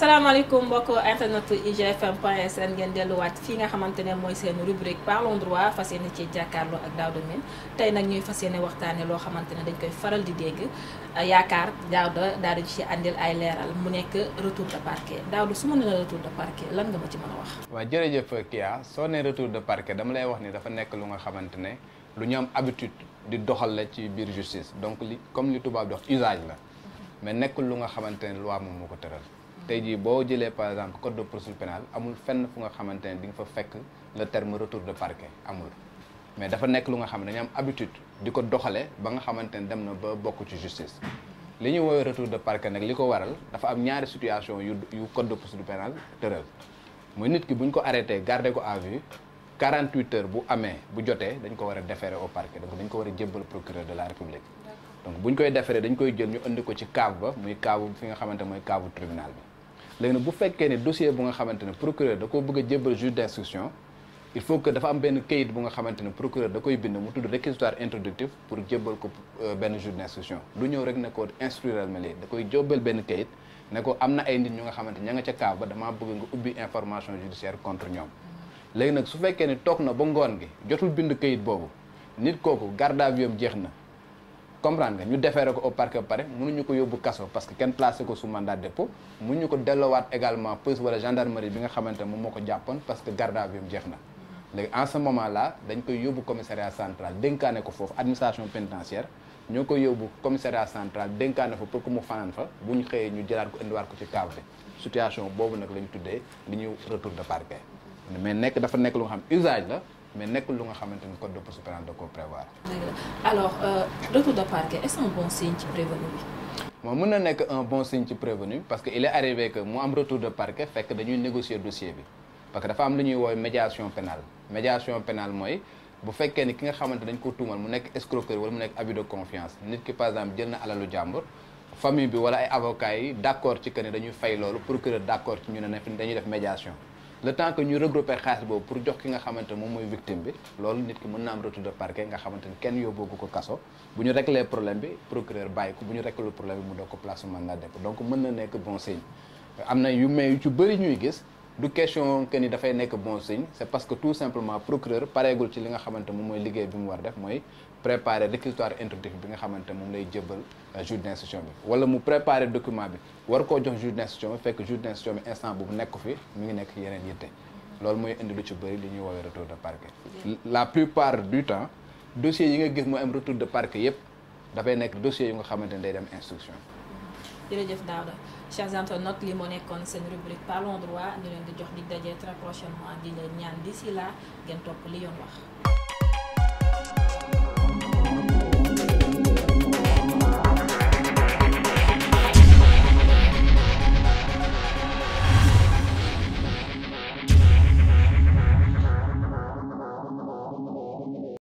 alaikum, beaucoup internet IGFM.SN, point sn ngeen delluwaat nga rubrique parlons droit fas yéene ci jàkkaarloo ak Daouda Mine tey nag ñuy fas yéene waxtaane loo dañ koy faral di dégg yaakaar Daouda daal ci àndil ay mu nekk retour de parquet Daouda su ma retour de parquet lan nga ma ci mën a wax. Kia soo retour de parquet dama lay wax ni dafa nekk lu nga xamante lu ñu am habitude di doxal la ci justice donc li comme li tubaab di wax usage la mais nekkul lu nga xamante loi tey jii boo jëlee par exemple code de procédure pénale amul fenn fu nga xamante ne di nga fa fekk le terme retour de parquet amul mais dafa nekk lu nga xam ne dañu am habitude di ko doxale ba nga xamante ne dem na ba bokk ci justice li ñuy woowee retour de parquet nag li ko waral dafa am ñaari situation yu yu code de procédure pénale tëral muy nit ki bu ñu ko arrêté garder ko à vue 48 heures bu amee bu jotee dañ ko war a déférer au parquet donc dañ ko war a jébbal procureur de la république donc ñu koy déférer dañ koy jël ñu indi ko ci cave ba muy cave fi nga xamante mooy cave léegi nag bu fekkee ne dossier bu nga xamante ne procureur da koo bëgg a jébbal juge d'instruction il faut que dafa am benn kayit bu nga xamante ne procureur da koy bind mu tudd réquisitoire introductif pour jébbal ko euh, benn juge d'instruction du ñëw rek ne ko instruire ma lii da koy jóbbal benn kayit ne ko am na ay nit ñu nga xamante ña nga ca kaaw ba damaa bëgg nga ubbi information judiciaire contre ñoom léegi nag su fekkee ne toog na ba ngoon gi jotul bind kayit boobu nit kooku garde à vue jeex na comprendre nga ñu defeere ko au parquet ba pare mënuñu ko yóbbu kaso parce que kenn placé ko sous mandat de dépôt mënuñu ko delloowaat également police wala gendarmerie bi nga xamante ne moom moo ko jàppoon parce que garde à vue bi jeex na léegi en ce moment là dañ koy yóbbu commissariat central dénkaane ko foofu administration pénitentiaire ñoo koy yóbbu commissariat central dénkaane fa pour que mu fanaan fa bu ñu xëyee ñu jëlaat ko indiwaat ko ci cave bi situation boobu nag la ñu tuddee li ñuy retour de parquet mais nekk dafa nekk lu nga xam usage la mais nekkul lu nga xamanteni code de procédure pénale da koo prévoir. alors euh, retour de parquet est-ce un bon signe ci prévenu moi moom nek un bon signe ci prévenu parce qu'il est arrivé que mu am retour de parquet fekk dañuy négocier dossier bi parce que dafa am lu ñuy woowee médiation pénale médiation pénale moy bu fekkee ni ki nga xamante dañ ko tuumal mu nekk wala mu nekk abus de confiance nit ki par exemple jël na alalu jàmbur famille bi wala ay avocats yi d' accord ci que ne dañuy fay loolu procureur d'accord accord ci ñu ne dañuy def médiation le temps que ñu regrouper xaalis boobu pour jox ki nga xamante moom mooy victime bi loolu nit ki mën na am retour de parquet nga xamante kenn yóbboogu ko kaso bu ñu réglé problème bi procureur bàyyi ko bu ñu réglé problème bi mu doog ko place mandat dépôt donc mën na nekk bon signe am na yu mais yu ci bëri ñuy gis du question que ni dafay nek bon signe c'est parce que tout simplement procureur pareegul ci li nga xamante mom moy liguey bi mu war def moy préparer réquisitoire introductif bi nga xamante mom lay jëbal euh, juge d'instruction bi wala mu préparer document bi war ko jox juge d'instruction bi fekk juge d'instruction instant boobu nek fi mi ngi nekk yeneen yitte loolu mooy indi lu ci bari li ñuy wawé retour de parquet la plupart du temps dossier yi nga gis mo am retour de parquet yépp dafay nek dossier yu nga xamante ne day dem instruction jërëjëf Daouda chers internautes li moo nekkoon seen rubrique parlons droit ñu leen di jox di daje très prochainement di leen ñaan d'ici là ngeen topp li yoon wax